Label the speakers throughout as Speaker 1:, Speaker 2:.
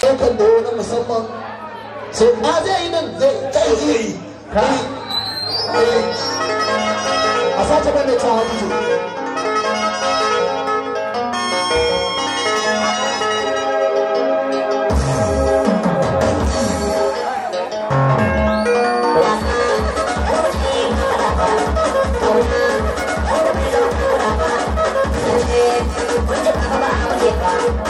Speaker 1: daukan da wani musamman so ma zai yi nan zai kai yi a Thank you.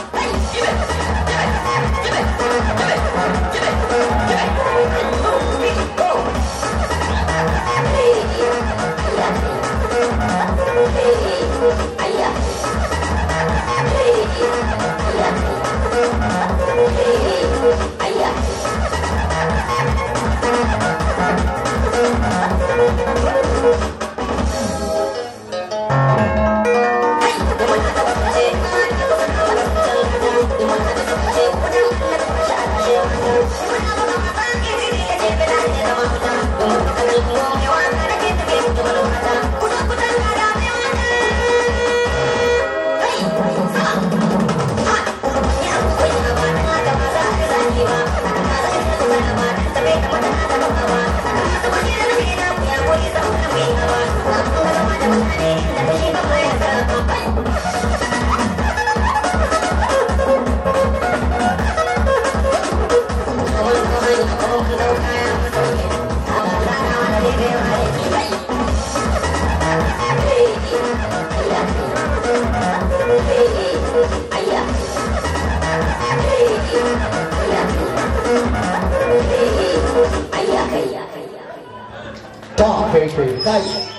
Speaker 1: Thank you. 可以，可以。